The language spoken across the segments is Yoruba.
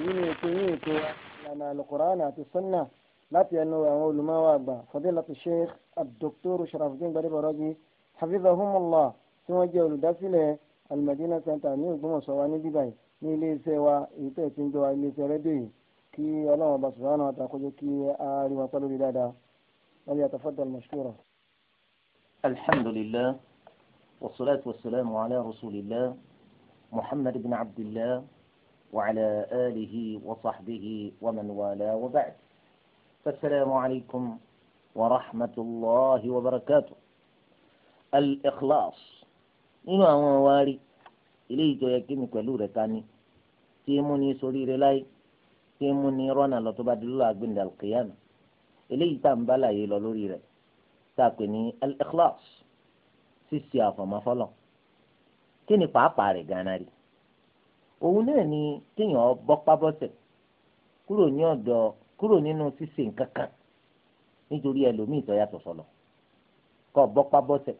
èyí ni ètò yìí ètò ìlànà alukur'an àti sunna láti ẹnu àwọn olùmọ̀wá àgbà fadilatu sheikh abdulkutur sharafdin gbadebaraji hafizahumullah tí wọ́n jẹ́ olùdásílẹ̀ alimadina center ní Ògbómọ̀ṣọ́ wa ní bíbáyì ní iléeṣẹ́ wa èyí tẹ̀ tí ń jọ wa iléeṣẹ́ rédíò yìí kí ọlọ́run ọba subhanahu wa ta'ala kó jẹ́ kí a rí wọn pẹ́lú rí dáadáa wọ́n yà tafaddal mashkura. alhamdulilah wasalaatu wasalaamu ala rasulillah muhammad bin abdillah. وعلى آله وصحبه ومن والاه وبعد فالسلام عليكم ورحمة الله وبركاته الإخلاص nínú àwọn àwárí eléyìí tó yẹ kí mi pẹ̀lú rẹ̀ ká ní tí ń mú ní sórí rẹ̀ láyé tí ń mú ní rọ́nà lọ tó bá di lọ́la gbẹ̀ndẹ̀ alkiyama eléyìí tá à ń bá láàyè lọ lórí rẹ̀ tá a pè ní al-ikhlas ṣíṣe àfọ̀mọ́fọ́lọ̀ kí ni pàápàá rẹ̀ gánà rí i òun náà ni kéèyàn bọ́pábọ́sẹ̀ kúrò ní ọ̀dọ̀ kúrò nínú ṣíṣe nǹkan kan nítorí ẹlòmíì tó yàtọ̀ sọlọ kọ́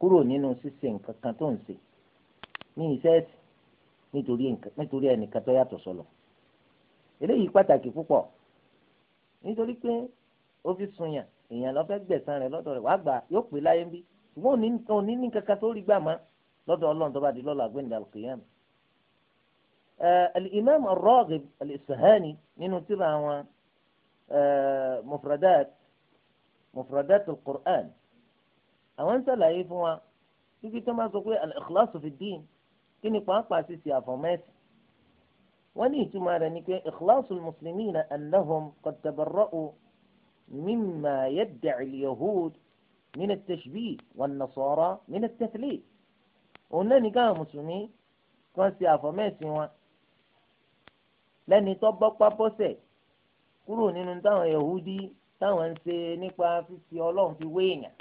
kúrò nínú ṣíṣe nǹkan kan tó ń ṣe ní iṣẹ́ nítorí ẹnìkan tó yàtọ̀ eléyìí pàtàkì nítorí pé ó fi sunyàn èèyàn lọ fẹ́ rẹ̀ lọ́dọ̀ rẹ̀ wàá gbà yóò pè láyé ń bí ṣùgbọ́n òní ní kankan tó rí gbà آه، الإمام الراغب الإسفهاني منه تبع آه، مفردات مفردات القرآن أو أنت لا يفوى يجي تما الإخلاص في الدين كني قاقا سيسي أفوميس وني تما إخلاص المسلمين أنهم قد تبرؤوا مما يدعي اليهود من التشبيه والنصارى من التثليث وناني كان مسلمين كان سيافو ميسي lẹ́ni tó bọ́pá bọ́sẹ̀ kúrò nínú táwọn yahudi táwọn ń ṣe nípa fífi ọlọ́run fi wé èèyàn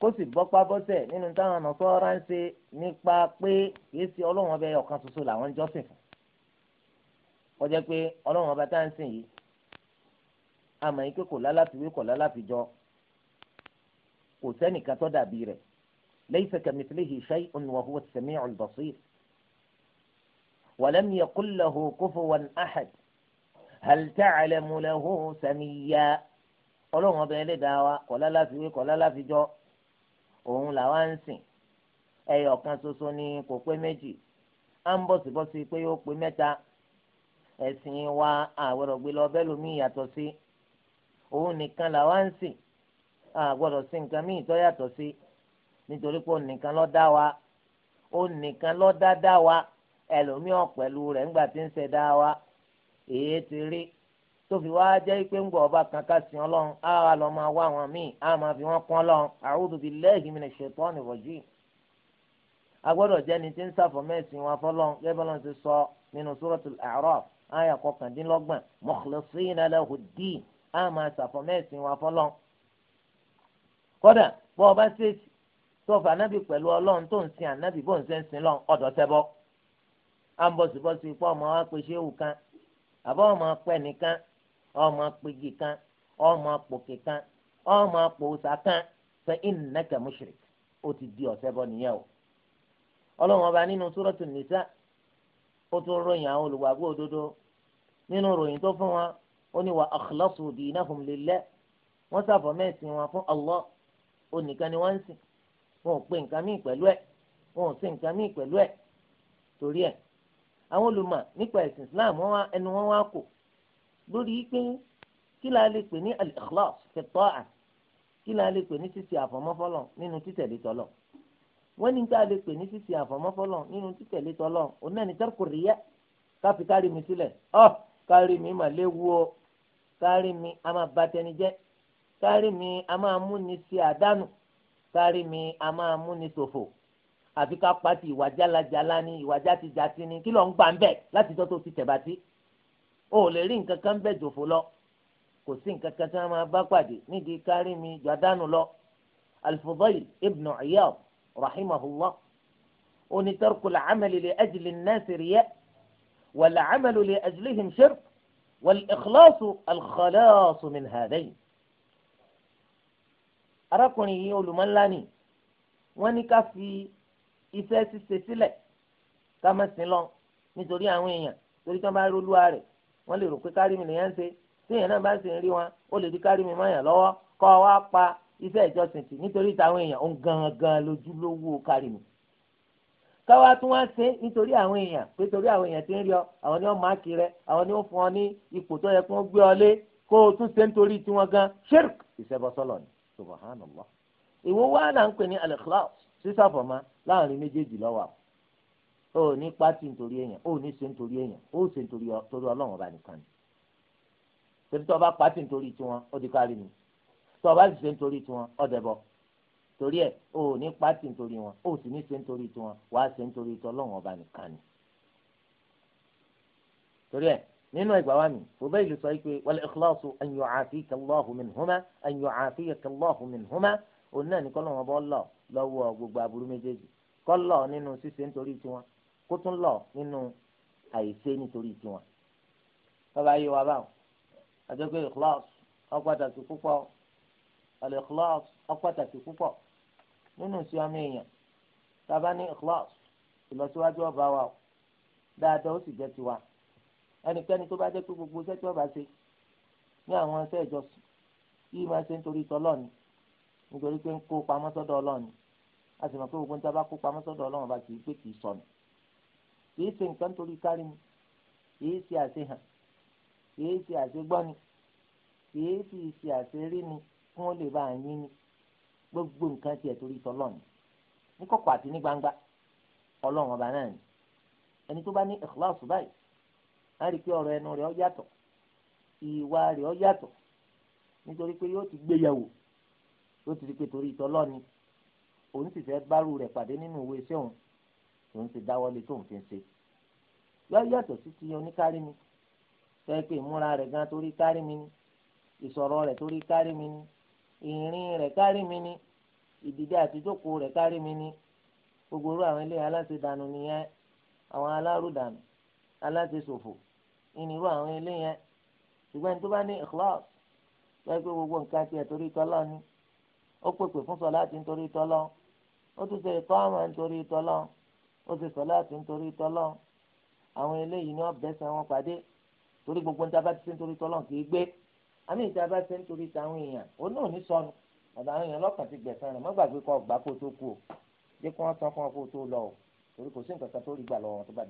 kó sì bọ́pá bọ́sẹ̀ nínú táwọn nọ̀sọ́ra ń ṣe nípa pé kìí ṣe ọlọ́run ọbẹ̀ ọ̀kan ṣoṣo làwọn ń jọ́sìn fún kọjá pé ọlọ́run ọba tá à ń sìn yìí àmọ́ yìí pé kò lálàfiwé kò lálàfijọ́ kò sẹ́nìkan tó dàbí rẹ̀ laysa kamithlihi shay'un wa huwa as-sami'ul basir ولم يقل له كفوا أحد هل تعلم له سميا ọlọ́run ọba ẹlẹ́dàá wa kọ̀lá láfiwé kọ̀lá láfijọ́ òun làwa ń sìn ẹyọ kan ṣoṣo ni kò pé méjì á ń bọ̀sibọ́sí pé ó pé mẹ́ta ẹ̀sìn wa àwẹ̀rọ̀ gbé lọ bẹ́ẹ̀ lómi yàtọ̀ sí òun nìkan làwa ń sìn àgbọ̀dọ̀ sí nǹkan míì tó yàtọ̀ sí nítorí pé òun nìkan ló dá wa òun nìkan ló dá dá wa ẹlòmíràn pẹ̀lú rẹ̀ ńgbà tí ń ṣẹ̀dá wa èyí ti rí tó fi wá jẹ́ pé ń gbọ́ ọba kan ká sí ọlọ́run á wà lọ́ máa wá àwọn míì á máa fi wọ́n pọ́n lọ́run a'udhu billahi minash shaitani rajim a gbọ́dọ̀ jẹ́ ni tí ń sàfọ̀mẹ́sìn wọn fọlọ́run gẹ́gẹ́ bọ́lá ti sọ nínú suratul a'raf àyà kọkàndínlọ́gbọ̀n mukhlisina lahu ddin á máa sàfọ̀mẹ́sìn wọn fọlọ́run kódà bọ́ à ń bọ̀sibọ́sí pé ọmọ wa pe ṣéwù kan àbọ̀ ọmọ pẹ́ nìkan ọmọ pegi kan ọmọ pòkè kan ọmọ pòòsà kan fa innaka mushrik ó ti di ọ̀sẹ̀ bọ́ nìyẹn o ọlọ́run ọba nínú súrọ́tù nìsa ó tún ròyìn àwọn olùwàgbọ́ òdodo nínú ròyìn tó fún wọn ó ní wa akhlasu dinahum lillah wọ́n sàfọ̀ mẹ́sìn wọn fún Allah onìkan ni wọ́n sìn wọn ò pe nǹkan míì pẹ̀lú ẹ̀ wọn ò sìn nǹkan míì pẹ̀lú ẹ̀ torí ẹ̀ àwọn olùmọ̀ nípa ẹ̀sìn islam wọn ẹnu wọn wá kò lórí pé kí la lè pè ní al-ikhlas fi ta'a kí la lè pè ní ṣíṣe àfọmọ́fọ́lọ̀ nínú títẹ̀lé tọ́lọ̀ wọ́n ní tá a lè pè ní ṣíṣe àfọmọ́fọ́lọ̀ nínú títẹ̀lé tọ́lọ̀ òun náà ní tarku riya káfi kárí mi sílẹ̀ ọ́ kárí mi mà léwu o kárí mi a máa ba tẹni jẹ́ kárí mi a máa múni ṣe àdánù kárí mi a máa múni ṣòfò. So àfi ká pati ìwà jálajàla ni ìwà játijàti ni kí ló ń gbà ń bẹ̀ láti tọ́ tó ti tẹ̀ bá ti o ò lè rí nǹkan kan bẹ́ẹ̀ jòfó lọ kò sí nǹkan kan tí wọ́n máa bá pàdé nídìí kárí mi jọ̀dánù lọ al-Fudayl ibn Iyad rahimahullah oni tarku al-amali li ajli an-nasi riya ikhlasu al min hadayn arákùnrin yìí olùmọ̀ńlá ni wọ́n fi iṣẹ́ ṣíṣe sílẹ̀ ká má sin lọ nítorí àwọn èèyàn torí tí wọ́n bá rólúwa rẹ̀ wọ́n lè rò pé kárìmì lèèyàn ń ṣe tí èèyàn náà bá sì ń rí wọn ó lè di kárìmì mọ́yàn lọ́wọ́ kọ́ wa pa iṣẹ́ ìjọsìn tì nítorí táwọn èèyàn ń gangan lójúlówó kárìmì káwá tún wá ṣe nítorí àwọn èèyàn pé torí àwọn èèyàn ti ń rí ọ àwọn ni wọ́n máa kí rẹ àwọn ni wọ́n fún ọ ní ipò tó yẹ kí wọ́n gbé ọ lé kó o tún ṣe nítorí tiwọn gan shirk ìṣẹbọsọlọ ni subhanallah ìwọ wá là ń pè ní al sísàfọ̀mọ́ láàrin méjèèjì lọ́wọ́ o ò ní pátì nítorí èèyàn o ò ní ṣe nítorí èèyàn o ò ṣe nítorí ọlọ́run ọba nìkan ni torí tí ọba pátì nítorí tiwọn ó di kárí mi tí ọba sì ṣe nítorí tiwọn ó dẹbọ torí ẹ o ò ní pátì nítorí wọn o ò sì ní ṣe nítorí tiwọn wàá ṣe nítorí tí ọlọ́run ọba nìkan ni torí ẹ nínú ẹgbàá wa mi fúbẹ́ẹ̀lì sọ pé wàlẹ̀ ìkíláàsù ẹ̀yọ̀ àfíkà lọ́hùn mi nìhùmá ẹ̀yọ̀ lọ́wọ́ gbogbo aburú méjèèjì kó lọ̀ nínú ṣíṣe nítorí tiwọn kó tún lọ̀ nínú àìṣe nítorí tiwọn. bàbá yìí wà báwọn àjọpé ìkìláàs ọ̀pàtàkì púpọ̀ àlẹ́ ìkìláàs ọ̀pàtàkì púpọ̀ nínú sí ọmọ èèyàn bàbá ní ìkìláàs ìlọsíwájú ọba wa o dáadáa ó sì jẹ́ tiwa ẹnikẹ́ni tó bá jẹ́ pé gbogbo iṣẹ́ tí wọ́n bá ṣe ní àwọn iṣẹ́ ìjọsìn yìí máa ṣe nítorí tọ́lọ́ọ̀ni nítorí pé ń kó pamọ́ sọ́dọ̀ ọlọ́ọ̀ni a sì mọ̀ pé gbogbo níta bá kó pamọ́ sọ́dọ̀ ọlọ́run bá kì í pé kì í sọnù kì í ṣe nǹkan torí kárí mi kì í ṣe àṣehàn kì í ṣe àṣegbọ́ni kì í sì ṣe àṣerí ni kí wọ́n lè bá a yín ni gbogbo nǹkan tiẹ̀ torí tọ́lọ́ọ̀ni ní kọ̀kọ̀ àti ní gbangba ọlọ́run ọba náà ni ẹni tó bá ní ìkíláàsì báyìí á rí i pé ọ̀rọ̀ ẹnu rẹ̀ ó yàtọ̀ ìwà rẹ̀ ó yàtọ̀ nítorí pé yóò ti gbéyàwó yóò ti rí i pé torí ìtọ́lọ́ọ̀ni òun sì fẹ́ bárù rẹ̀ pàdé nínú ìwé iṣẹ́ òun òun ti dáwọ́lé tóun fi ń ṣe yọ yàtọ̀ sí ti oníkárí mi sọ pé ìmúra rẹ̀ gan torí kárí mi ni ìsọ̀rọ̀ rẹ̀ torí kárí mi ni ìrìn rẹ̀ kárí mi ni ìdìde àtijókòó rẹ̀ kárí mi ni gbogbo orú àwọn ilé aláṣẹ dànù nìyẹn àwọn alárùdànù aláṣẹ ṣòfò ìnirú àwọn ilé yẹn ṣùgbọ́n tó bá ní ìkíláàsì sọ pé gbogbo nǹkan tiẹ̀ torí tọ́lọ́ ni ó pèpè fún sọ láti nítorí tọ́lọ́ ó ti ṣe ìtọ́ àwọn nítorí tọ́lọ́ ó ti sọ láti nítorí tọ́lọ́ àwọn eléyìí ni wọ́n bẹ́sẹ̀ wọn pàdé torí gbogbo níta bá ti ṣe nítorí tọ́lọ́ kì í gbé àmì ìta bá ṣe nítorí táwọn èèyàn òun náà ní sọnù ọ̀dọ̀ àwọn èèyàn lọ́kàn ti gbẹ̀sán rẹ̀ mọ́gbàgbé kọ́ ọgbà kó tó kú o jẹ́ kí wọ́n san fún ọ kó tó lọ o torí kò sí nǹkan kan tó rí gbà lọ́wọ́ wọn tó bá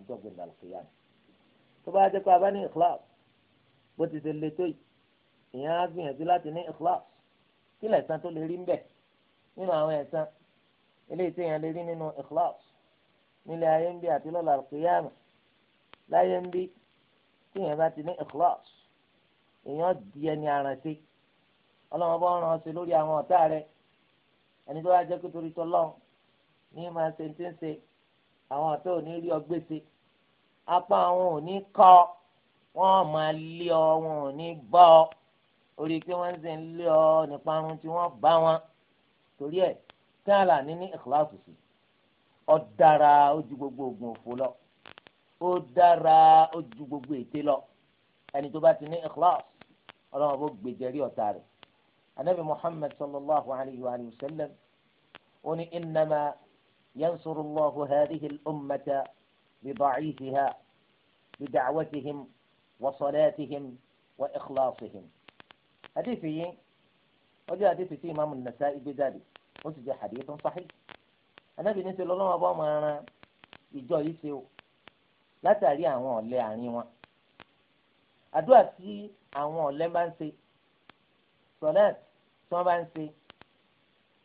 a bá ní ikhlas bó ti ṣe eléyìí téèyàn lè rí nínú ikhlas nílé ayé ń bí àti lọ́la àlùkìyàmù láyé ń bí téèyàn bá ti ní ikhlas èèyàn di ẹni àrànṣe ọlọ́run bá ràn ọ́ sí lórí àwọn ọ̀tá rẹ ẹni tó bá jẹ́ kó torí tọ́lọ́ ní máa ṣe ti ń ṣe àwọn ọ̀tá ò ní rí ọ gbèsè apá àwọn ò ní kọ́ wọ́n máa lé ọ wọn ò ní bọ́ ọ orí pé wọ́n ń ṣe ń lé ọ nípa ohun tí wọ́n bá wọn torí ẹ̀ tí a là ní ní ìkíláàsì sí ó dára ó ju gbogbo oògùn òfò lọ ó dára ó ju gbogbo ète lọ ẹni tó bá ti ní ìkíláàsì ọlọ́run bó gbèjẹ̀rí ọ̀tá rẹ̀ anabi muhammad sallallahu alayhi wa sallam ó ní innama yansuru allahu hadhihi ummata bidacifiha bidacwatihim wa wa ikhlaasihim. hadithi yìí ó jẹ́ tí imaamu nasa'i gbé jáde ó sì jẹ́ hadithun sahih anábì ní sọlọ́ lọ́wọ́ bọ́ máa ran ìjọ yìí ṣe o látàrí àwọn ọ̀lẹ àárín wọn àdúrà tí àwọn ọ̀lẹ bá ń ṣe sọlẹ́t tí wọ́n bá ń ṣe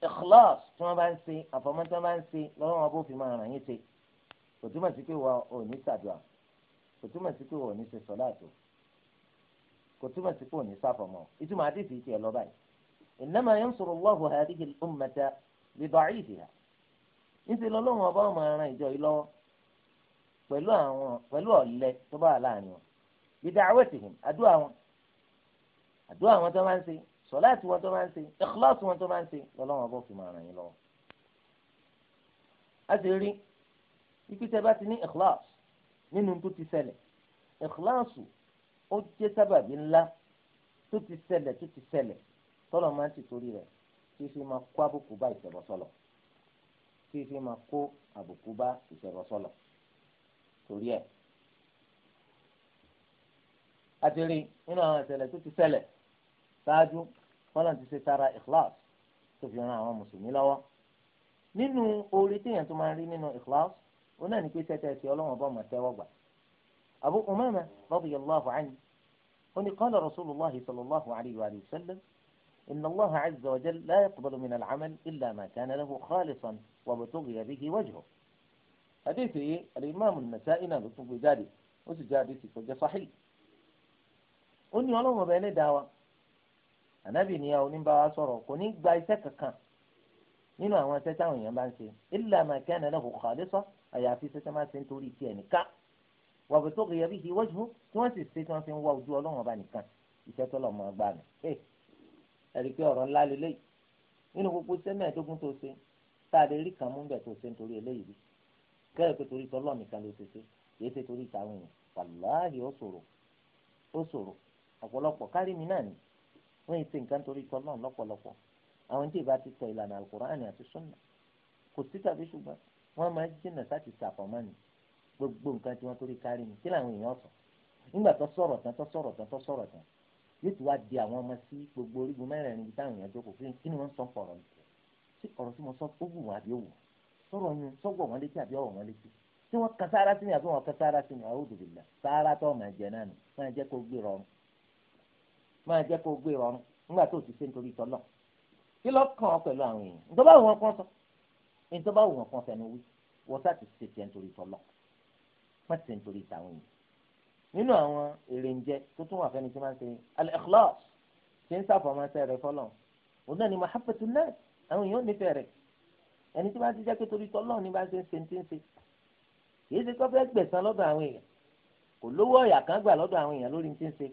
ikhlas tí wọ́n bá ń ṣe àfọmọ́ tí wọ́n bá ń ṣe lọ́wọ́ wọn bó fi máa ràn yín ṣe kò túmọ̀ sí pé wọn ò ní ṣàdúrà kò túmọ̀ sí pé wọn ò ní ṣe sọlẹ́t o kò túmọ̀ sí pé ò ní ṣàfọmọ́ ìtumọ̀ àdìsí ti ẹ̀ lọ báyìí. إنما ينصر الله هذه الأمة بضعيفها níṣẹ́ lọ́lọ́run ọba ọmọ ẹran ìjọ yìí lọ́wọ́ pẹ̀lú àwọn pẹ̀lú ọ̀lẹ tó bá wà láàrin wọn gbèdé àwẹ̀tìhìn àdúrà wọn àdúrà wọn tó máa ń ṣe sọ̀láàtì wọn tó máa ń ṣe ìkíláàsì wọn tó máa ń ṣe lọ́lọ́run ọba òfin ọ̀ràn yìí lọ́wọ́. a ti rí ipi tẹ́ bá ti ní ìkíláàsì nínú tó ti ṣẹlẹ̀ ìkíláàsì ó jẹ́ sábàbí ńlá tó ti ṣẹlẹ̀ tó ti ṣẹlẹ̀ tọ́lọ̀ máa ti torí rẹ̀ tí fi máa kó àbùkù bá ìṣẹ̀bọ̀ sọ̀lọ̀ tí fi máa kó àbùkù bá ìṣẹ̀bọ̀ sọ̀lọ̀ torí ẹ̀. àti rí nínú àwọn ìṣẹ̀lẹ̀ tó ti ṣẹlẹ̀ ṣáájú fọlá ti ṣe tara ikhlas tó fi ran àwọn mùsùlùmí lọ́wọ́ nínú orí téèyàn tó máa ń rí nínú ikhlas ó náà ní pé tẹ́tẹ́ ẹ̀sìn ọlọ́wọ́n bá máa tẹ́wọ́ gbà Abu Umama radiyallahu anhu ó ní qala Rasulullahi sallallahu alayhi wa sallam إن الله عز وجل لا يقبل من العمل إلا ما كان له خالصا وابتغي به وجهه حديث الإمام النسائي نبطن بذلك وسجادي تكوجة صحيح أني والله ما بين دعوة Ànábì ni àwọn oníbà wa sọ̀rọ̀ kò ní gba iṣẹ́ kankan nínú àwọn iṣẹ́ táwọn èèyàn bá ń ṣe illa ma kana lahu khalisa àyàfi iṣẹ́ tí wọ́n ṣe ń torí tiẹ̀ nìkan wa bi tughiya bihi wajhu tí wọ́n sì ṣe tí wọ́n fi ń wá ojú Ọlọ́run ọba nìkan iṣẹ́ tó lọ́ọ́ mọ́ gbà mí ẹ̀rí pé ọ̀rọ̀ ńlá lélẹ́yìí nínú gbogbo sẹ́mẹ̀ẹ́dógún tó ṣe tá a lè rí kan mú bẹ̀ tó ṣe nítorí eléyìí bí kẹ́rẹ̀ pé torí tọ́lọ́ nìkan ló ṣe ṣe kìí ṣe torí ìtàwọn èèyàn wàláhì ó ṣòro ó ṣòro ọ̀pọ̀lọpọ̀ kárí mi náà ni wọ́n ṣe nǹkan torí tọ́lọ́ lọ́pọ̀lọpọ̀ àwọn tí ìbá ti tọ ìlànà alukur'an àti sunna kò sí tàbí ṣùgbọ́n wọ́n máa jìnnà láti ṣàfọ̀mọ́ gbogbo nǹkan tí wọ́n torí kárí mi kí làwọn èèyàn sọ nígbà tó sọ̀rọ̀ tán tó sọ̀rọ̀ tán tó sọ̀rọ̀ tán yóò ti wá di àwọn ọmọ sí gbogbo orígun mẹ́rẹ̀ẹ̀rin ibi táwọn èèyàn jókòó pé kí ni wọ́n ń sọ fọ̀rọ̀ yìí sí ọ̀rọ̀ tí mo sọ ó wù wọ́n àbí ó wù sọ̀rọ̀ yín sọ́gbọ̀ wọ́n létí àbí ọ̀wọ̀ wọ́n létí tí wọ́n kan sára sí mi àbí wọ́n kan sára sí mi àwọn òdòdó sára tó máa jẹ náà nù máa jẹ́ kó gbé rọrùn máa jẹ́ kó gbé rọrùn nígbà tó ti ṣe nítorí tọ́lọ̀ kí ló kàn ọ́ pẹ̀lú àwọn èèyàn ìjọba òun kan sọ ìjọba òun kan fẹnu wí wọ́n sá ti ṣe tiẹ̀ nítorí tọ́lọ̀ wọ́n ti ṣe nítorí tàwọn èèyàn nínú àwọn èrè ń jẹ tó tún wà fẹ́ni tí máa ń ṣe al-ikhlas ṣe ń sàfọmọṣẹ rẹ fọlọ òun náà ni mahabbatun nas àwọn èèyàn nífẹ̀ẹ́ rẹ ẹni tí bá ti jẹ́ pé torí tọ́lọ́ ni bá ṣe ń ṣe ń ṣe ń ṣe kì í ṣe kọ́ fẹ́ gbẹ̀san lọ́dọ̀ àwọn èèyàn kò lówó ọ̀yà kan gbà lọ́dọ̀ àwọn èèyàn lórí ti ń ṣe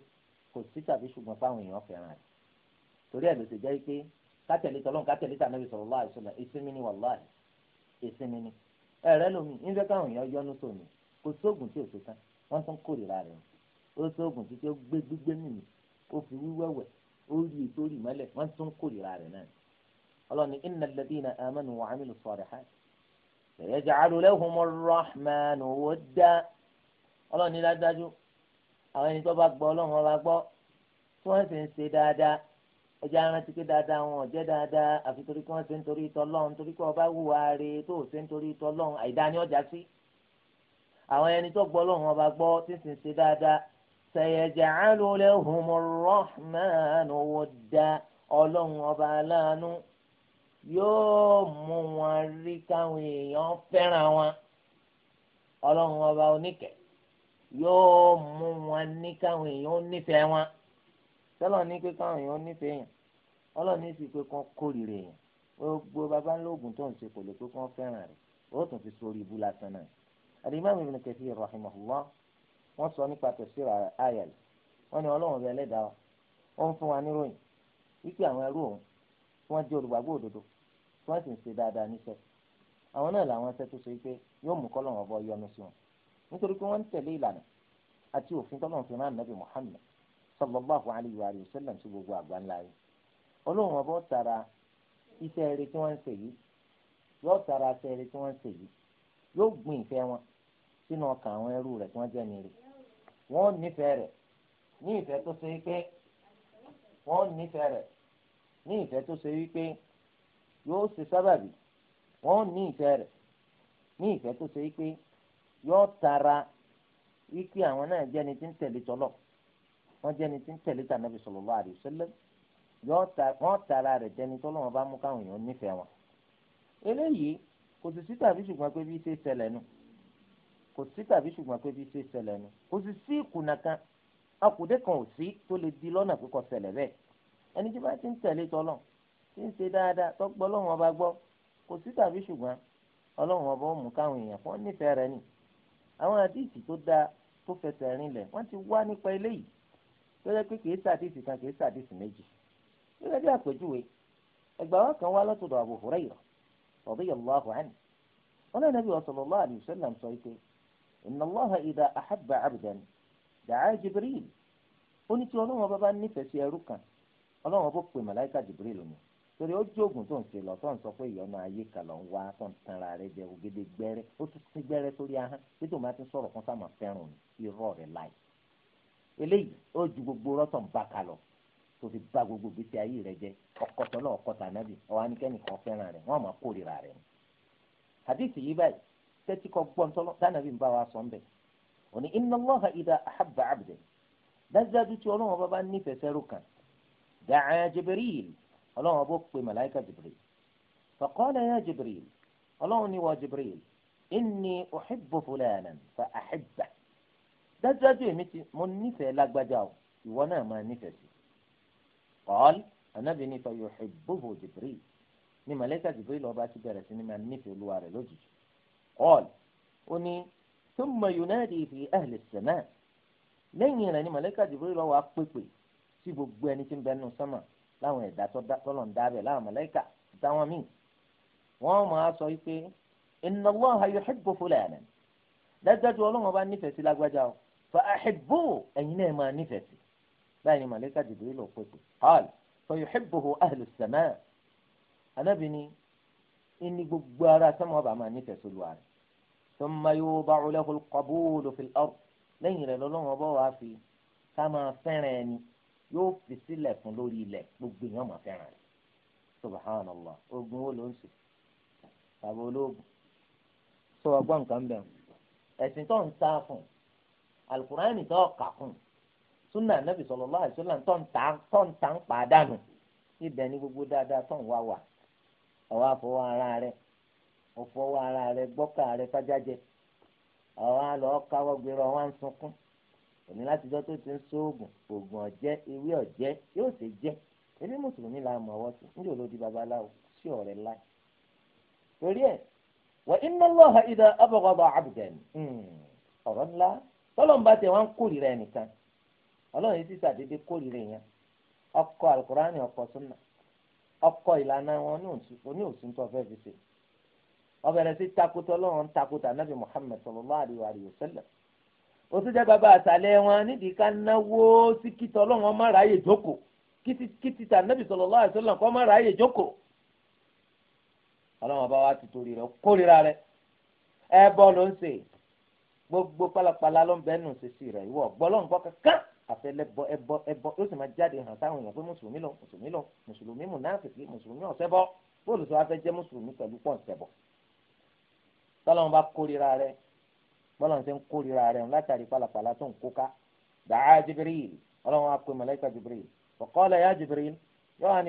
kò sí tàbí ṣùgbọ́n fáwọn èèyàn fẹ́ràn rẹ̀ torí ẹ̀ ló ti jẹ́ pé kátẹ̀lé tọ́lọ́n kátẹ̀lé tànàbí sallallahu alaihi wọ́n tún kórìíra rẹ̀ ó sóògùn títí ó gbé gbígbé mìíràn ó fi wíwẹ̀wẹ̀ ó rí i tó rí mọ́lẹ̀ wọ́n tún kórìíra rẹ̀ náà ọlọ́ni inna alladhina amanu wa amilu salihat sayaj'alu lahumur rahmanu wadda ọlọ́ni dájú àwọn ẹni tó bá gbọ́ ọlọ́run ọba gbọ́ tí wọ́n sì ń ṣe dáadáa ẹjẹ arántí pé dáadáa wọn ò dáadáa àfi torí kí wọ́n ṣe ń torí tọ́lọ́run torí kí wọ́n bá wù wá rè tó ṣe ń torí tọ́lọ́run àìdáni ọjà sí àwọn ẹni tó gbọ́ lọ́hùn ọba gbọ́ tí sì ń ṣe dáadáa sayaj'alu lahumur rahmanu wudda ọlọ́hùn ọba aláàánú yóò mú wọn rí káwọn èèyàn fẹ́ràn wọn ọlọ́hùn ọba oníkẹ́ yóò mú wọn ní káwọn èèyàn nífẹ̀ẹ́ wọn sọlọ ní pé káwọn èèyàn nífẹ̀ẹ́ yẹn ọlọ́ọ̀ni sì pé kán kórìíra yẹn gbogbo babalóògùn tó ń ṣe kò lè pé kán fẹ́ràn rẹ̀ ó tún fi sórí ibú lásán náà. Al-Imam Ibn Kathir rahimahullah wọ́n sọ nípa tafsir àyà yìí wọ́n ní ọlọ́run bẹ lẹ́dàá ó ń fún wa níròyìn wípé àwọn ẹrú òun tí wọ́n jẹ́ olùgbàgbọ́ òdodo tí wọ́n sì ń ṣe dáadáa níṣẹ́ àwọn náà làwọn ẹsẹ̀ tó ṣe pé yóò mú kọ́lọ́run ọbọ̀ yọ́nú sí wọn nítorí pé wọ́n ń tẹ̀lé ìlànà àti òfin tọ́lọ́run fi rán nàbì Muhammad sallallahu alayhi wa sallam sí gbogbo àgbáńlá yìí ọlọ́run ọbọ̀ tara iṣẹ́ eré tí wọ́n ń ṣe yìí yóò tara iṣẹ́ eré tí wọ́n ń ṣe yìí yóò gbìn ìfẹ́ wọn sínú ọkàn àwọn ẹrú rẹ̀ tí wọ́n jẹ́ nìyẹn wọ́n nífẹ̀ẹ́ rẹ̀ ní ìfẹ́ tó ṣe pé wọ́n nífẹ̀ẹ́ rẹ̀ ní ìfẹ́ tó ṣe wípé yóò ṣe sábàbí wọ́n ní ìfẹ́ rẹ̀ ní ìfẹ́ tó ṣe wípé yóò tara wípé àwọn náà jẹ́ni tí ń tẹ̀lé tọ́lọ̀ wọ́n jẹ́ni tí ń tẹ̀lé tànàbí sallallahu alaihi wasallam wọ́n tara rẹ̀ jẹ́ni tọ́lọ̀ wọn bá mú káwọn èèyàn nífẹ̀ẹ́ wọn. eléyìí kò sì sí tàbí ṣùgbọ́n pé bí ṣe ṣẹlẹ̀ nù kò sí tàbí ṣùgbọ́n pé bí ṣe ṣẹlẹ̀ ni kò sì sí ìkùnà kan akùdé kan ò sí tó lè di lọ́nà pé kò ṣẹlẹ̀ bẹ́ẹ̀ ẹni tí bá ti ń tẹ̀lé tọ́lọ̀ tí ń ṣe dáadáa tọ́gbọ́ ọlọ́run ọba gbọ́ kò sí tàbí ṣùgbọ́n ọlọ́run ọba ó mú káwọn èèyàn fún nífẹ̀ẹ́ rẹ nì àwọn àdìsí tó dáa tó fẹsẹ̀ rinlẹ̀ wọ́n ti wá nípa eléyìí tó yẹ pé kìí sàdìsí kan kan wá látọ̀dọ̀ إن الله إذا أحب عبدا دعا جبريل ó ní tí ọlọ́run bá nífẹ̀ẹ́ sí ẹrú kan ọlọ́run ọba pe màláìka jibril ni torí ó jóògùn tó ń ṣe lọ tó ń sọ pé ìyọnu ayé kan lọ ń wá tó ń tanra rẹ jẹ ògèdè gbẹrẹ ó tún gbẹrẹ sórí ti sọ̀rọ̀ fún sáàmà fẹ́ràn ní irọ́ rẹ láì ju gbogbo rọ́tọ̀ ń bá gbogbo gbèsè ayé rẹ jẹ náà tẹ́tí kọ gbọ́n tọ́lọ́ tánàbí ń bá wa sọ ń bẹ̀ òní inna Allaha idha ahabba abdan dájúdájú tí ọlọ́run ọba bá nífẹ̀ẹ́ sẹ́rù kan da'a Jibril ọlọ́run ọba ó pe màláìka Jibril faqala ya Jibril ọlọ́run ni wọ́n Jibril inni uhibbu fulanan fa ahibba dájúdájú èmi ti mo nífẹ̀ẹ́ ìwọ náà máa nífẹ̀ẹ́ sí qal anabi ni fa yuhibbuhu Jibril ni màláìka Jibril ọba ti bẹ̀rẹ̀ sí ni máa nífẹ̀ẹ́ olúwa rẹ̀ lójijì قال أني ثم ينادي في أهل السماء lẹ́yìn rẹ̀ ni mọ̀lẹ́kà Jibril lọ́wọ́ apẹ́pẹ́ sí gbogbo ẹni tí ń bẹnu sánmà láwọn ẹ̀dá tọ́lọ̀ ń dábẹ̀ láwọn mọ̀lẹ́kà táwọn míì wọ́n máa sọ pé inna Allaha yuhibbu fulanan dájúdájú ọlọ́run bá nífẹ̀ẹ́ sí lágbájá o fa ahibbu ẹ̀yin náà máa nífẹ̀ẹ́ sí báyìí ni mọ̀lẹ́kà Jibril lọ́wọ́ pẹ́pẹ́ hall fa yuhibbuhu ahlus samaa anábìíní ẹni gbogbo ara sọmọ ọba máa nífẹ̀ẹ́ sólù ààrẹ thumma yuba'u lahu al-qabulu fil ard lẹ́yìn rẹ̀ lọ́lọ́run ọba wàá fi ká máa fẹ́ràn ẹni yóò fi sílẹ̀ fún lórí ilẹ̀ gbogbo èèyàn máa fẹ́ràn rẹ̀ subhanallah ogun wo ló ń sè tàbí olóògùn sọ ọgbọ́n nǹkan bẹ̀ ẹ̀sìn tó ń ta fún alukurani tó kà fún sunna anabi sallallahu alaihi wasallam tó ń ta ń pa dànù ibẹ̀ ni gbogbo dáadáa tó ń wá wà. ọwọ́ àfọwọ́ ara rẹ ọfọwọ́ ara rẹ gbọ́kà rẹ fájájẹ ọwọ́ àlọ́ káwọ́ gbéra ọwọ́ à ń sunkún òní láti jọ tó ti ń sóògùn oògùn ọ̀jẹ́ ewé ọ̀jẹ́ yóò ṣe jẹ́ ebi mùsùlùmí la mọ̀ ọwọ́ sí níjọ́ ló di babaláwo sí ọ̀rẹ́ láì torí ẹ̀ wọ́n inna Allaha idha abghada abdan hmm, ọ̀rọ̀ ńlá tọ́lọ́mbà tẹ̀ wọ́n kórìíra ẹnìkan ọlọ́run yìí ti sàdédé kórìíra yẹn ọkọ̀ alukurani ọkọ súnà ọkọ ìlànà wọn ní òsì òsì tó fẹ́ fi ṣe ọbẹ̀rẹ̀ sí takotọ́ lọ́wọ́n takotọ́ anabi muhammed sallallahu alayhi wa sallam ó sì jẹ́ bàbá àtàlẹ́ wọn nídìí ká náwó sí kìtọ́ lọ́wọ́n má ráyè jókòó kìtì tà anabi sallallahu alayhi wa sallam kọ́ má ráyè jókòó ọlọ́wọ́n bá wa ti torí rẹ̀ kórìíra rẹ̀ ẹ bọ́ ló ń ṣe gbogbo pálapàla ló ń bẹ́ẹ̀ nù sí sí rẹ̀ ìwọ gbọ́ lọ́nkọ́ kankan àfẹlẹbọ ẹbọ ẹbọ yóò sì máa jáde hàn sáwọn èèyàn pé mùsùlùmí lọ mùsùlùmí lọ mùsùlùmí mùnáfìkì mùsùlùmí ọ̀sẹ́bọ bóòlù tó wá fẹ́ jẹ́ mùsùlùmí pẹ̀lú pọ̀nsẹ̀bọ. tọ́lọ́mù bá kórira rẹ bọ́lọ́mù ṣe ń kórira rẹ látàrí pàlàpàlà tó ń kóká dàá jibril ọlọ́run wa pè mọ̀lẹ́kà jibril fọ̀kọ́lẹ̀ yá jibril yóò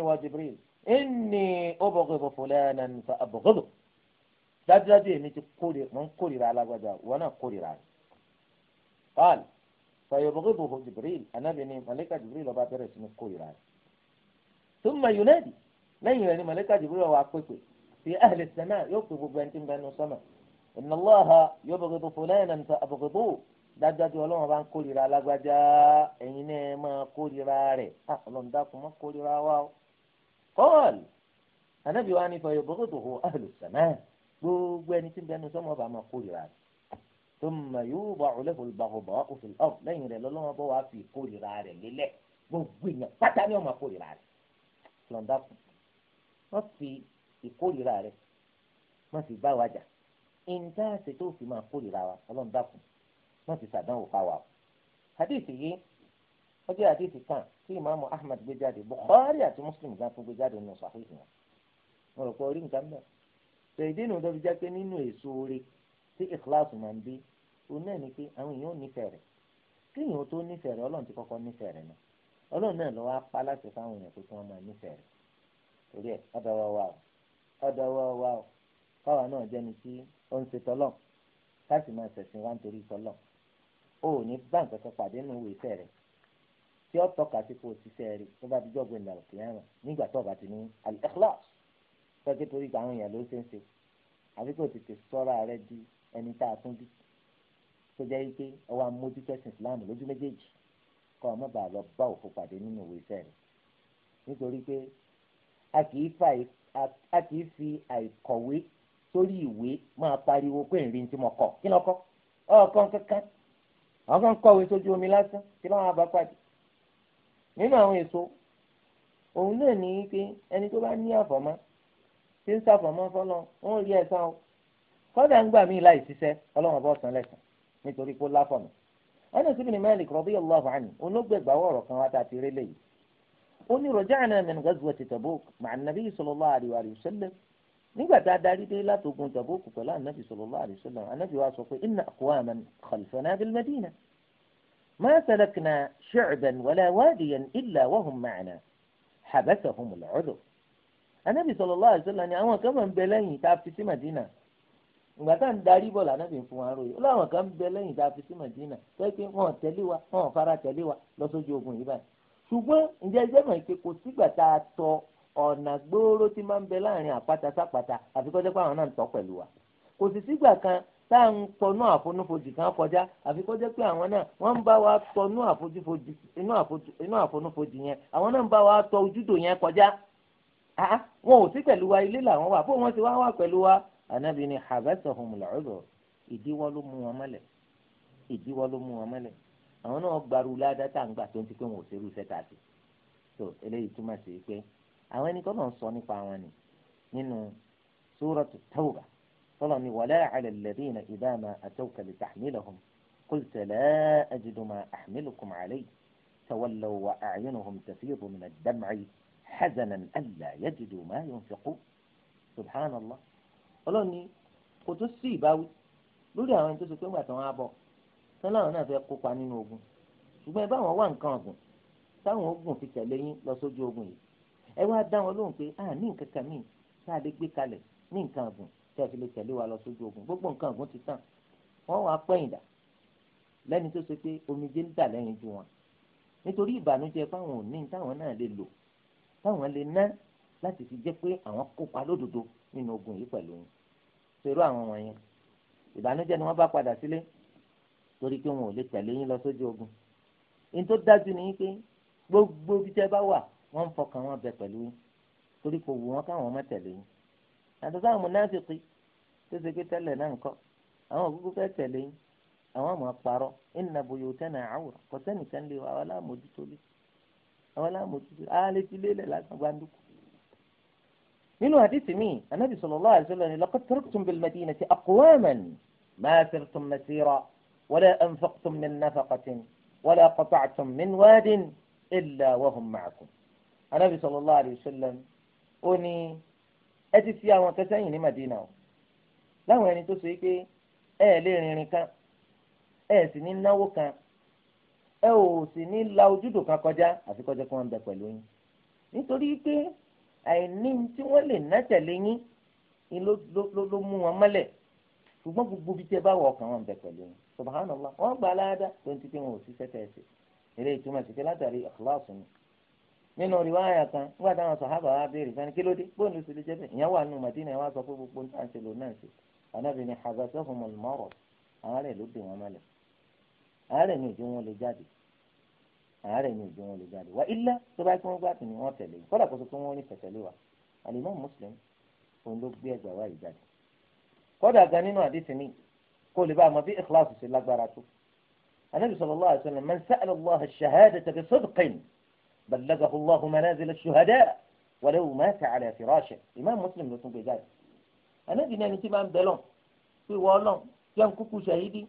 ní فيبغضه جبريل النبي ني ملائكة جبريل وبا بيرس من كويرا ثم ينادي لن يعني ملائكة جبريل وعقوكي في أهل السماء يكتب بنتين بأنه سماء إن الله يبغض فلانا فأبغضوه dájúdájú ọlọ́run bá ń kórìíra lágbájá ẹ̀yin náà máa kórìíra rẹ̀ ọlọ́run dákun mọ́ kórìíra wa o. kọ́ọ̀lù anábìwá ní fọyọ́ bọ́kọ̀tò hó àlùsàmá gbogbo ẹni tí ń bẹnu sọ́mọ́ bá máa kórìíra rẹ̀. ثم يوضع له البغضاء في الأرض lẹ́yìn rẹ̀ lọ́lọ́wọ́ bọ́ wá fi ìkórìíra rẹ̀ lélẹ̀ gbogbo èèyàn pátá ni wọ́n máa kórìíra rẹ̀ lọ́ńdà kù wọ́n fi ìkórìíra rẹ̀ wọ́n fi bá wa jà ìǹtà ṣètò òfin máa kórìíra wa ọlọ́ńdà kù wọ́n fi ṣàdánwò ká wa o. hadithi yìí wọ́n jẹ́ hadithi kan tí imaamu ahmed gbé jáde bukhari àti muslim gan fún gbé jáde nínú sahihi wọn wọn rò pé orí nǹkan mẹ́rin ṣèdínú tó fi jẹ́ pé nínú èso orí tí ìkíláàsì máa ń bí òun náà ni pé àwọn èèyàn ò nífẹ̀ẹ́ rẹ̀ kéèyàn ó tó nífẹ̀ẹ́ rẹ̀ ọlọ́run ti kọ́kọ́ nífẹ̀ẹ́ rẹ̀ náà ọlọ́run náà lọ́wọ́ apá láti fáwọn èèyàn pé kí wọ́n máa nífẹ̀ẹ́ rẹ̀ torí ẹ̀ ọ̀dọ̀ wa wa o ọ̀dọ̀ wa wa o káwa náà jẹ́ni tí ó ń ṣe tọ́lọ̀ ká sì máa ṣẹ̀sìn wá nítorí tọ́lọ̀ o ò ní bá nǹkan kan pàdé nínú ìwé rẹ̀ tí ó tọ́ka sí kó o ti ṣe rí tó bá ti jọ́gbìn ìlànà kìíyàn nígbà tó bá ti ní al-ikhlas pẹ́ẹ́kẹ́ torí àwọn èèyàn ló ṣe ń ṣe àbí kò tètè sọ́ra rẹ di ẹni tá a tún bí tó jẹ́ wípé ọwọ́ amójútó ẹ̀sìn islam lójú méjèèjì kọ́ ọ mọ̀bà lọ bá òfò pàdé nínú ìwé iṣẹ́ rẹ̀ nítorí pé a kì í fi àìkọ̀wé sórí ìwé máa pariwo pé ń rí ní tí mo kọ̀ kí ló kọ́ ọ̀kan kankan àwọn kan kọ̀wé sójú omi lásán kí ló wọn bá pàdé nínú àwọn èso òun náà ní pé ẹni tó bá ní àfọ̀mọ́ tí ń sàfọ̀mọ́ fọlọ́ ń rí ẹ̀san o kọ́dà ń gbà mí láì ṣiṣẹ́ ọlọ́run bọ́ san lẹ́san nítorí kó pé ó láfọ̀nà Anas ibn Malik radiyallahu anhu onígbẹ̀gbà wọ̀rọ̀ kan wá tá a ti rí léyìí ó ní raja'na min ti Tabuk ma'a an-nabi sallallahu alayhi wa sẹ́lẹ̀. nígbà tá a darí dé látògùn Tabuk pẹ̀lú anabi sallallahu alayhi wa sallam anabi wa sọ pé inna aqwaman khalfana bil-Madina ما سلكنا شعبا ولا واديا إلا وهم معنا حبسهم العذر النبي صلى الله عليه وسلم àwọn kan máa ń bẹ lẹ́yìn tá a fi sí Madina ìgbà tá à ń darí bọ̀ lànàbì fún wa ròyìn ọlọ́run kan bẹ lẹ́yìn tá a fi sí Madina pé pé wọn tẹ̀lé wa wọn fara tẹ̀lé wa lọ sójú ogun yìí báyìí ṣùgbọ́n ǹjẹ́ ẹjẹ́ mọ̀ pé kò sígbà tá a tọ ọ̀nà gbòòrò tí máa ń bẹ láàrin àpáta sápáta àfi wa kò sì sígbà kan tá à ń tọnú àfonúfojì kan kọjá wa tọnú àfonúfojì yẹn àwọn náà ń bá wa tọ ojúdò yẹn kọjá wọn wa ilé wọn ti wá wà wa anábì ni habasahum al-udhr ìdíwọ́ ló mú wọn mọ́lẹ̀ ìdíwọ́ ló mú wọn mọ́lẹ̀ àwọn náà gbaru ládàá tá à ń gbà tó ń ti pé wọn ò ṣerú iṣẹ́ tà sí tó eléyìí túmọ̀ sí pé àwọn ẹni tọ́lọ̀ ń sọ nípa wọn ni nínú suratu tawbah tọ́lọ̀ ni wala ala alladhina idha ma atawka litahmilahum qulta la ajidu ma ahmilukum alayhi tawallaw wa yajidu ma yunfiqun subhanallah ọlọ́run ni kò tún sí ìbáwí lórí àwọn ẹni tó ṣe pé ńgbà tí wọ́n á bọ̀ tán láwọn náà fẹ́ kópa nínú ogun ṣùgbọ́n ẹ bá wọn wá nǹkan ọ̀gùn táwọn ogun fi tẹ̀lé yín lọ sójú ogun yìí ẹ wá dá wọn lóhùn pé a ní nǹkan kan míì tá a lè gbé kalẹ̀ ní nǹkan ọ̀gùn tí a fi lè tẹ̀lé wa lọ sójú ogun gbogbo nǹkan ọ̀gùn ti tàn wọ́n wá pẹ́yìn dà lẹ́ni tó ṣe pé omijé ń dà lẹ́yìn ju wọn nítorí ìbànújẹ́ fáwọn òní táwọn náà lè lò táwọn lè ná láti fi jẹ́ pé àwọn kópa lódodo nínú ogun yìí pẹ̀lú yín ṣerú àwọn wọ̀nyẹn ìbànújẹ́ ni wọ́n bá padà sílé torí pé wọn ò lè tẹ̀lé yín lọ sójú ogun ní tó dájú ni pé gbogbo bí tẹ́ bá wà wọ́n ń fọkàn wọn bẹ pẹ̀lú yín torí kò wù wọ́n káwọn má tẹ̀lé yín àti sáwọn mùnáfíkì tó ṣe pé tẹ́lẹ̀ náà ń kọ́ àwọn òkúkú fẹ́ tẹ̀lé yín àwọn àmọ́ parọ́ inna buyutana awra kò sẹ́nìkan lé wa àwọn aláàmójútó lé àwọn aláàmójútó nínú àdìsí mi anabi sallallahu alaihi wasallam laqad taraktum bil madinati aqwaman ma sirtum masira wala anfaqtum min nafaqatin wala qata'tum min wadin illa wa hum ma'akum anabi sallallahu alaihi wasallam ó ní ẹ ti fi àwọn kẹsẹ́yìn ní madina o láwọn ẹni tó so yìí pé ẹ ẹ lè rìnrìn kan ẹ sì ní náwó kan ẹ ò sì ní la ojúdò kan kọjá àfi kọjá kí wọ́n ń bẹ pẹ̀lú yín nítorí pé àìní tí wọ́n lè ná tẹ̀lé yín ni ló mú wọn mọ́lẹ̀ ṣùgbọ́n gbogbo bí tẹ bá wọ ọkàn wọn bẹ pẹ̀lú yín subhanallah wọn gba aláàdá tó ń títí wọn ò ṣiṣẹ́ tẹ̀sí eré ìtumọ̀ sí pé látàrí ìkíláàsì ni nínú rìwáyà kan nígbà táwọn sàhábà wa béèrè fún ẹni kí ló dé bóun ló ṣe lè jẹ́ bẹ́ẹ̀ ìyẹn wà nù Mádínà ẹ̀ wá sọ pé gbogbo nǹkan ṣe lòun náà ṣe anábìnrin àgbàṣe ọ̀hún mọ̀lùmọ́rọ̀ àárẹ̀ ló dé wọn mọ́lẹ̀ àárẹ̀ ni òjò wọn lè jáde àárẹ̀ ní ìjọ wọn lè jáde wá ilá tó bá tí wọ́n gbà tì ní wọ́n tẹ̀lé kọ́dà kó tó tó wọ́n ní tẹ̀tẹ̀lé wa alimọ́ muslim òun ló gbé ẹgbàá wá ìjáde kọ́dà gan nínú àdìsí mi kó lè bá a mọ bí ìkíláàsì ṣe lágbára tó anabi sallallahu alayhi wa sallam man sa'ala allah ash-shahadata bi sidqin ballaghahu allah manazil ash-shuhada walaw mata ala firashihi imam muslim ló tún gbé jáde anabi ní ẹni tí máa ń bẹ lọ pé wọ́ọ́lọ́ jẹ́ ń kúkú ṣahidi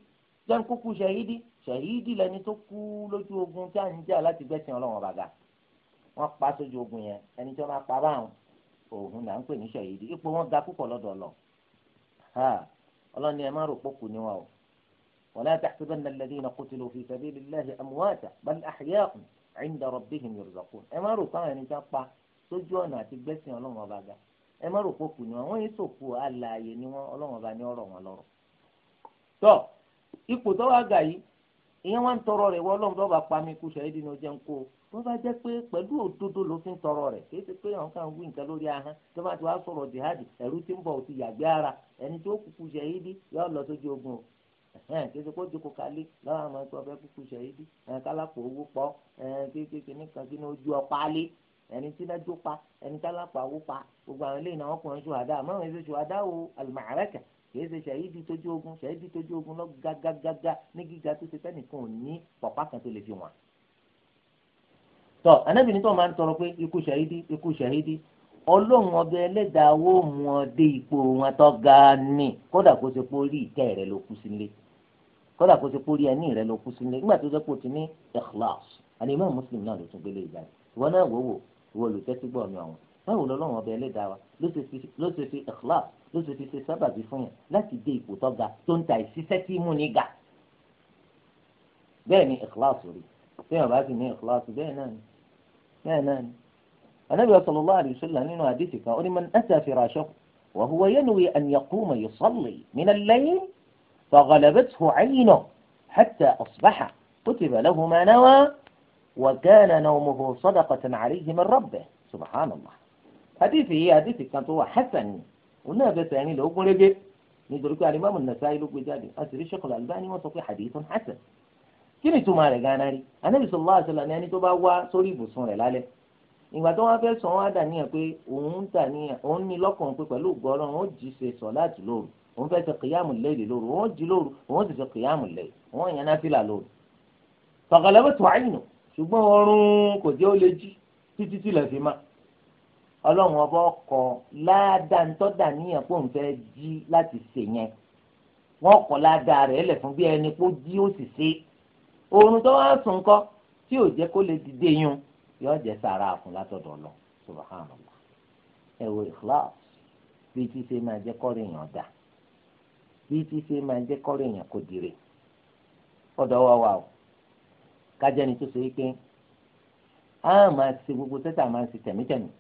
jẹ́ ń kúkú ṣahidi ṣàhídì lẹni tó kú lójú ogun tí à ń jà láti gbẹ̀sìn ọlọ́wọ́n bàgà wọ́n pa sójú ogun yẹn ẹni tí wọ́n máa pa báwọn òun là ń pè ní ṣàhídì ipò wọn ga púpọ̀ lọ́dọ̀ ọlọ́ ọlọ́ni ẹ má rò pókù ni wọn o wala tahsabanna alladhina qutilu fi sabilillahi amwata bal ahya'un 'inda rabbihim yurzaqun ẹ má rò káwọn ẹni tí wọ́n pa sójú ọ̀nà àti gbẹ̀sìn ọlọ́wọ́n bàgà ẹ má rò pókù ni wọn wọ́n yìí sòkò alààyè ni wọn ọlọ́wọ́n bá ní ọ̀rọ̀ wọn lọ́rọ̀ tó ipò tó wá gà yìí ìyẹn wọn ń tọrọ rẹ̀ wọ́n lọ́wọ́ tó bá pa mí kú ṣẹ́yìn dínà jẹun kó tó bá jẹ́ pé pẹ̀lú òdodo ló fi ń tọrọ rẹ̀ kì í ṣe pé àwọn kan wí nǹkan lórí ahọ́n tó bá ti wá sọ̀rọ̀ jihadi ẹ̀rú ti ń bọ̀ òtí yàgbé ara ẹni tó kúkú ṣẹ́yìn dí yóò lọ sójú ogun ẹ̀hìn kí sèkó jòkó kalí lọ́wọ́ àwọn ẹ̀kọ́ ọbẹ̀ kúkú ṣẹ̀yídì ẹ̀ kálápọ̀ owó pọ̀ ẹ̀ kéékèèké nìkan kí ni ojú ọ̀pá lé ẹni tí dájú pa ẹni kálápọ̀ owó pa gbogbo àwọn eléyìí náà wọ́n kùnrin ṣùwádà al-ma'araka kìí ṣe ṣàyídì tójú ogun ṣàyídì tójú ogun lọ gágágágá ní gíga tó ṣe fẹ́nìkan ò ní pọ̀pá kan tó lè fi wọ̀n. tọ́ anábì ní tó máa ń tọrọ pé ikú ṣàyídì ikú ṣàyídì ọlọ́run ọbẹ̀ ẹlẹ́dàá wo mú ọ dé ipò wọn tó ga ni kódà kó ṣe pé orí ìtẹ́ rẹ ló kú sílé kódà kó ṣe pé orí ẹni rẹ ló kú sílé nígbà tó ṣe pé o ti ní ikhlas àní Imam Muslim náà ló tún gbélé ìgbàlè ìwọ náà wò wò ìwọ olùtẹ́sígbọ̀ mi àwọn báwo lọ́lọ́run ọbẹ̀ ẹlẹ́dàá wa ló ṣe fi ikhlas ló ṣe fi ṣe sábàbí fún yẹn láti dé ipò tó ga tó ń ta ìṣiṣẹ́ tí mú ní ga bẹ́ẹ̀ ni ìkíláàsì rí téèyàn bá sì ní ìkíláàsì bẹ́ẹ̀ náà ni bẹ́ẹ̀ náà ni anabi sallallahu lowo wa sallam nínú àdìsí kan ó ní man ata firashahu wa huwa yanwi an yaquma yusalli min al-layl فغلبته عينه حتى أصبح كتب له ما نوى وكان òun náà fẹsẹ̀ rìn lọ ó gún régé nítorí pé alimami Nasa'i ló gbé jáde àṣírí Sheikh Al-Albani wọ́n sọ pé hadithun hasan kí ni ìtumọ̀ rẹ̀ gánà rí anabi sallallahu alaihi wasallam ni ẹni tó bá wá sórí ibùsùn rẹ̀ lálẹ́ ìgbà tó wá fẹ́ sọ wọn á dà níyàn pé òun dà níyàn òun ní lọ́kàn pé pẹ̀lú ògbọ́ ọlọ́run jí ṣe sọ láti lóru òun fẹ́ ṣe kìyàmù lẹ́yìn lóru òun jí lóru òun sì ṣe kìyàmù lẹ́yìn òun yẹn ọlọ́run ọba ọkọ̀ ládàntọ́dà níyàn pé òun fẹ́ jí láti ṣe yẹn wọ́n kọ̀ ládàá rẹ̀ lẹ̀ fún bí ẹni kó jí ó sì ṣe oorun tó wá sùn kọ́ tí ò jẹ́ kó lè dìde yún yóò jẹ́ sàrà fún látọ̀dọ̀ lọ subhanallah ẹ wo ikhlas bí ti ṣe máa jẹ́ kọ́rọ̀ èèyàn dà bí ti ṣe máa jẹ́ kọ́rọ̀ èèyàn kò dire ọ̀dọ̀ wa wa o kájẹ́ni tó ṣe é pé a máa ṣe gbogbo sẹ́tà máa ṣe tẹ̀mítẹ̀mí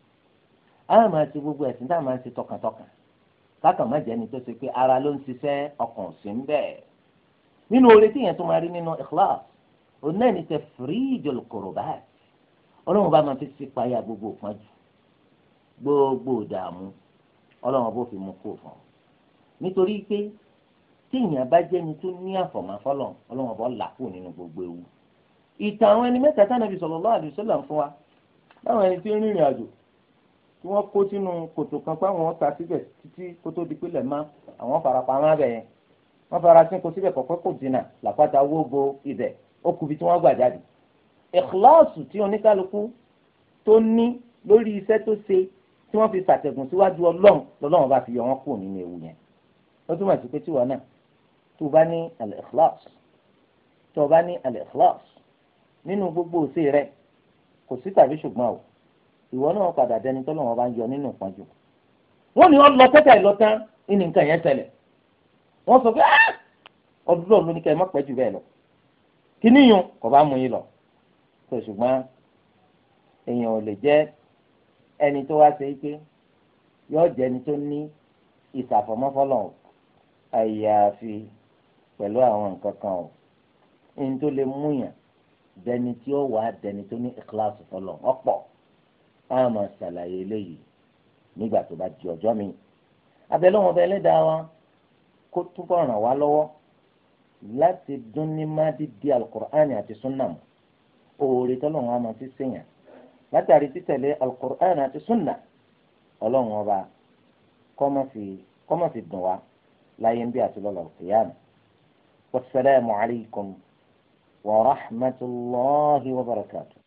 àwọn máa ti gbogbo ẹ̀sìn tá a máa ń ṣe tọkàntọkàn kákan má jẹ́ni tó ṣe pé ara ló ń ṣiṣẹ́ ọkàn sí ń bẹ̀. nínú oore tí yẹn tó máa rí nínú ikhlas òun náà ní tẹ fíríjọl kòròbáàt ọlọ́run bá máa fi sí payá gbogbo òpájú gbogbo ìdààmú ọlọ́run bó fi mú kó fún un nítorí pé téèyàn bá jẹ́ni tó ní àfọ̀mọ́ fọlọ́n ọlọ́run bó là kú nínú gbogbo ewu ìtàn àwọn ẹni mẹ́ta tánàbí sallallahu alaihi wasallam fún wa báwọn ẹni tí ń rìnrìn àjò tí wọ́n kó sínú kòtò kan pé àwọn ta síbẹ̀ títí kó tó di pílẹ̀ mọ́ àwọn farapa má bẹ̀ yẹn wọ́n fara sí kó síbẹ̀ kọ̀ọ̀kan kò dínà làpáta wógo ibẹ̀ ó kubi tí wọ́n gbà jáde. ìkíláàsù tí oníkálukú tó ní lórí iṣẹ́ tó ṣe tí wọ́n fi ṣàtẹ̀gùn síwájú ọlọ́run lọ́lọ́run bá fi yọ wọ́n kúrò nínú ewu yẹn ó túmọ̀ sí pé tí wọn náà tó bá ní al tó bá ní al nínú gbogbo òṣè rẹ kò sí tàbí ṣùgbọ́n o ìwọ náà padà dẹni tọ́lọ̀ wọn bá ń yọ nínú ìpọ́njú wọ́n ní wọ́n lọ tẹ́tẹ́ lọ tán ní nǹkan yẹn ṣẹlẹ̀ wọ́n sọ pé ah! ọdún lọ́ọ̀ lóníkẹ́ ẹ má pẹ́ jù bẹ́ẹ̀ lọ kíní yun kò bá mú yín lọ tó ṣùgbọ́n èèyàn ò lè jẹ́ ẹni tó wá ṣe pé yóò jẹ́ ẹni tó ní ìsàfọ̀mọ́fọ́lọ̀ àyàfi pẹ̀lú àwọn nǹkan kan o ẹni tó lè múyàn dẹni tí ó wà dẹni tó ní ìkíláàsì fọlọ̀ ọ̀pọ̀ á máa ṣàlàyé eléyìí nígbà tó bá di ọjọ́ mi abẹ́lẹ́wọ̀n ọba ẹlẹ́dàá wa kó túbọ̀ ràn wá lọ́wọ́ láti dún ní má dídí alukur'ani àti sunna mu oore tọ́lọ́run á máa fi sèyàn látàrí títẹ̀lé alukur'ani àti sunna ọlọ́run ọba kọ́ dùn wá láyé ń bí àti lọ́la òkèèyàn wasalaamu alaykum wa rahmatulahi wa barakatu.